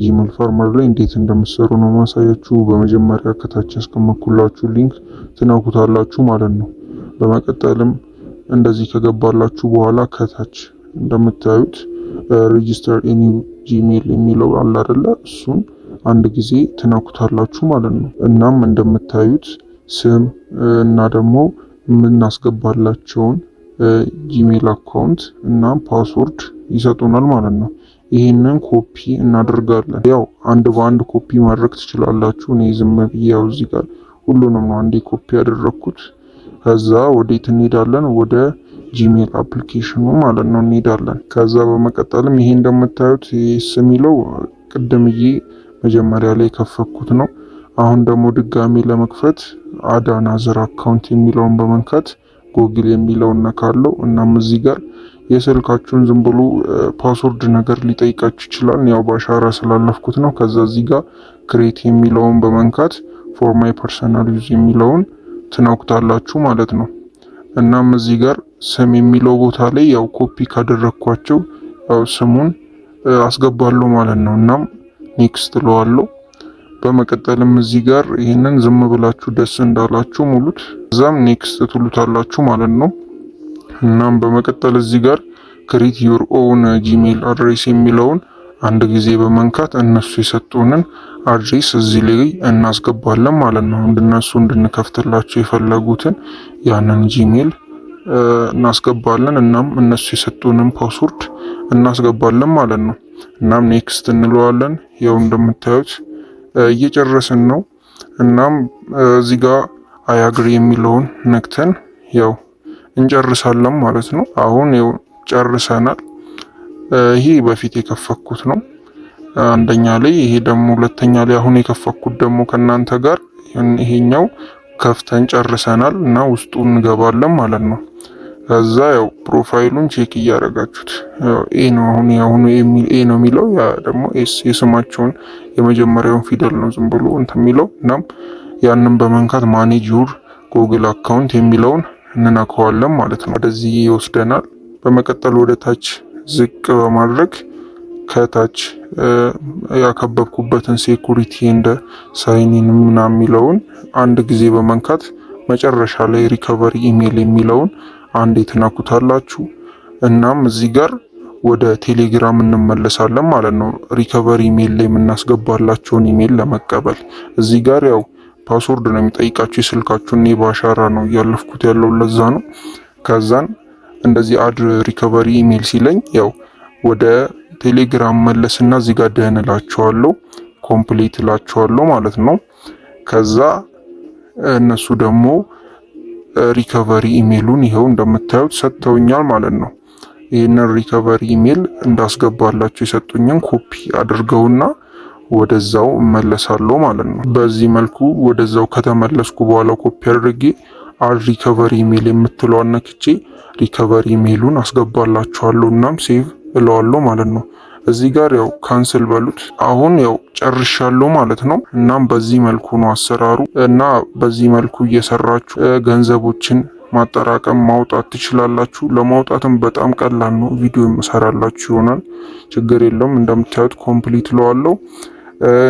ጂሜል ፋርመር ላይ እንዴት እንደምትሰሩ ነው ማሳያችሁ። በመጀመሪያ ከታች ያስቀመጥኩላችሁ ሊንክ ትነኩታላችሁ ማለት ነው። በመቀጠልም እንደዚህ ከገባላችሁ በኋላ ከታች እንደምታዩት ሬጂስተር ኤኒ ጂሜል የሚለው አለ አይደለ? እሱን አንድ ጊዜ ትነኩታላችሁ ማለት ነው። እናም እንደምታዩት ስም እና ደግሞ የምናስገባላቸውን ጂሜል አካውንት እና ፓስወርድ ይሰጡናል ማለት ነው። ይህንን ኮፒ እናደርጋለን። ያው አንድ በአንድ ኮፒ ማድረግ ትችላላችሁ። እኔ ዝም ብዬ ያው እዚህ ጋር ሁሉንም ነው አንዴ ኮፒ ያደረግኩት። ከዛ ወዴት እንሄዳለን? ወደ ጂሜል አፕሊኬሽኑ ማለት ነው እንሄዳለን። ከዛ በመቀጠልም ይሄ እንደምታዩት ስ የሚለው ቅድምዬ መጀመሪያ ላይ የከፈኩት ነው። አሁን ደግሞ ድጋሚ ለመክፈት አዳናዘር አካውንት የሚለውን በመንካት ጎግል የሚለው እነካለው። እናም እዚህ ጋር የስልካችሁን ዝም ብሎ ፓስወርድ ነገር ሊጠይቃችሁ ይችላል። ያው በአሻራ ስላለፍኩት ነው። ከዛ እዚህ ጋር ክሬት የሚለውን በመንካት ፎር ማይ ፐርሰናል ዩዝ የሚለውን ትነኩታላችሁ ማለት ነው። እናም እዚህ ጋር ስም የሚለው ቦታ ላይ ያው ኮፒ ካደረግኳቸው ያው ስሙን አስገባለሁ ማለት ነው። እናም ኔክስት ለዋለሁ። በመቀጠልም እዚህ ጋር ይህንን ዝም ብላችሁ ደስ እንዳላችሁ ሙሉት፣ እዛም ኔክስት ትሉታላችሁ ማለት ነው። እናም በመቀጠል እዚህ ጋር ክሪት ዩር ኦውን ጂሜል አድሬስ የሚለውን አንድ ጊዜ በመንካት እነሱ የሰጡንን አድሬስ እዚህ ላይ እናስገባለን ማለት ነው። እንድነሱ እንድንከፍትላቸው የፈለጉትን ያንን ጂሜል እናስገባለን። እናም እነሱ የሰጡንን ፓስወርድ እናስገባለን ማለት ነው። እናም ኔክስት እንለዋለን። ያው እንደምታዩት እየጨረስን ነው። እናም እዚህ ጋር አያግሪ የሚለውን ነክተን ያው እንጨርሳለን ማለት ነው። አሁን ይኸው ጨርሰናል። ይሄ በፊት የከፈኩት ነው አንደኛ ላይ፣ ይሄ ደግሞ ሁለተኛ ላይ። አሁን የከፈኩት ደግሞ ከእናንተ ጋር ይሄኛው ከፍተን ጨርሰናል እና ውስጡ እንገባለን ማለት ነው። ከዛ ያው ፕሮፋይሉን ቼክ እያደረጋችሁት ኤ ነው አሁን ያሁኑ ኤ ነው የሚለው ያ ደግሞ ኤስ የስማቸውን የመጀመሪያውን ፊደል ነው ዝም ብሎ እንትን የሚለው እናም ያንን በመንካት ማኔጅ ዩር ጉግል አካውንት የሚለውን እንነካዋለን ማለት ነው። ወደዚህ ይወስደናል። በመቀጠል ወደ ታች ዝቅ በማድረግ ከታች ያከበብኩበትን ሴኩሪቲ እንደ ሳይኒን ምና የሚለውን አንድ ጊዜ በመንካት መጨረሻ ላይ ሪከቨሪ ኢሜል የሚለውን አንዴ ትነኩታላችሁ። እናም እዚህ ጋር ወደ ቴሌግራም እንመለሳለን ማለት ነው። ሪከቨሪ ኢሜል ላይ የምናስገባላቸውን ኢሜል ለመቀበል እዚህ ጋር ያው ፓስወርድ ነው የሚጠይቃችሁ የስልካችሁን። እኔ ባሻራ ነው እያለፍኩት ያለው ለዛ ነው። ከዛን እንደዚህ አድ ሪከቨሪ ኢሜል ሲለኝ ያው ወደ ቴሌግራም መለስና እዚህ ጋር ደህን እላቸዋለሁ፣ ኮምፕሌት ማለት ነው። ከዛ እነሱ ደግሞ ሪከቨሪ ኢሜሉን ይኸው እንደምታዩት ሰጥተውኛል ማለት ነው። ይህንን ሪከቨሪ ኢሜል እንዳስገባላቸው የሰጡኝን ኮፒ አድርገውና ወደዛው እመለሳለሁ ማለት ነው። በዚህ መልኩ ወደዛው ከተመለስኩ በኋላ ኮፒ አድርጌ አድ ሪከቨሪ ኢሜይል የምትለዋን ነክቼ ሪከቨሪ ሜሉን አስገባላችኋለሁ። እናም ሴቭ እለዋለሁ ማለት ነው። እዚህ ጋር ያው ካንስል በሉት። አሁን ያው ጨርሻለሁ ማለት ነው። እናም በዚህ መልኩ ነው አሰራሩ እና በዚህ መልኩ እየሰራችሁ ገንዘቦችን ማጠራቀም ማውጣት ትችላላችሁ። ለማውጣትም በጣም ቀላል ነው። ቪዲዮ የምሰራላችሁ ይሆናል። ችግር የለውም። እንደምታዩት ኮምፕሊት ለዋለው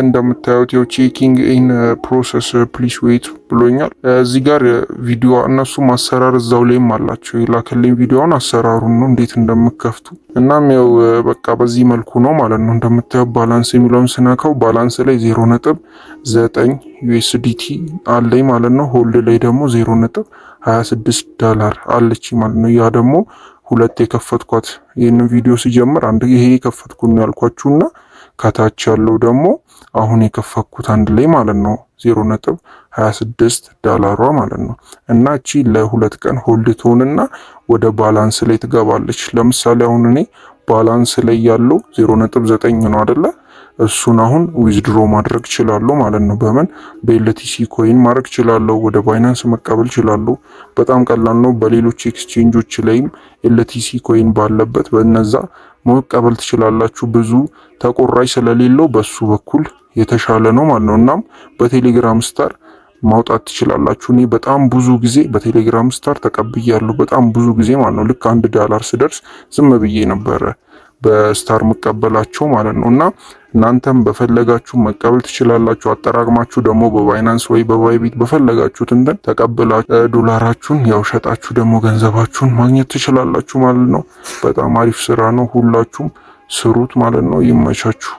እንደምታዩት የው ቼኪንግ ኢን ፕሮሰስ ፕሊስ ዌት ብሎኛል። እዚህ ጋር ቪዲዮ እነሱም አሰራር እዛው ላይም አላቸው የላከልኝ ቪዲዮውን አሰራሩን ነው እንዴት እንደምከፍቱ እናም ያው በቃ በዚህ መልኩ ነው ማለት ነው። እንደምታዩት ባላንስ የሚለውን ስነካው ባላንስ ላይ ዜሮ ነጥብ ዘጠኝ ዩኤስዲቲ አለኝ ማለት ነው። ሆልድ ላይ ደግሞ ዜሮ ነጥብ ሀያ ስድስት ዳላር አለች ማለት ነው። ያ ደግሞ ሁለት የከፈትኳት ይህንን ቪዲዮ ሲጀምር አንድ ይሄ የከፈትኩ ያልኳችሁ እና ከታች ያለው ደግሞ አሁን የከፈኩት አንድ ላይ ማለት ነው 0.26 ዳላሯ ማለት ነው። እና እቺ ለሁለት ቀን ሆልድ ትሆንና ወደ ባላንስ ላይ ትገባለች። ለምሳሌ አሁን እኔ ባላንስ ላይ ያለው 0.9 ነው አይደለ እሱን አሁን ዊዝድሮ ማድረግ ችላለሁ ማለት ነው። በምን በኤልቲሲ ኮይን ማድረግ ችላለሁ፣ ወደ ባይናንስ መቀበል ችላለሁ። በጣም ቀላል ነው። በሌሎች ኤክስቼንጆች ላይም ኤልቲሲ ኮይን ባለበት በነዛ መቀበል ትችላላችሁ። ብዙ ተቆራጭ ስለሌለው በሱ በኩል የተሻለ ነው ማለት ነው። እናም በቴሌግራም ስታር ማውጣት ትችላላችሁ። እኔ በጣም ብዙ ጊዜ በቴሌግራም ስታር ተቀብያለሁ። በጣም ብዙ ጊዜ ማለት ነው። ልክ አንድ ዳላር ስደርስ ዝም ብዬ ነበረ በስታር መቀበላቸው ማለት ነው እና እናንተም በፈለጋችሁ መቀበል ትችላላችሁ። አጠራቅማችሁ ደግሞ በባይናንስ ወይ በባይቢት በፈለጋችሁት እንትን ተቀብላችሁ ዶላራችሁን ያው ሸጣችሁ ደግሞ ገንዘባችሁን ማግኘት ትችላላችሁ ማለት ነው። በጣም አሪፍ ስራ ነው። ሁላችሁም ስሩት ማለት ነው። ይመቻችሁ።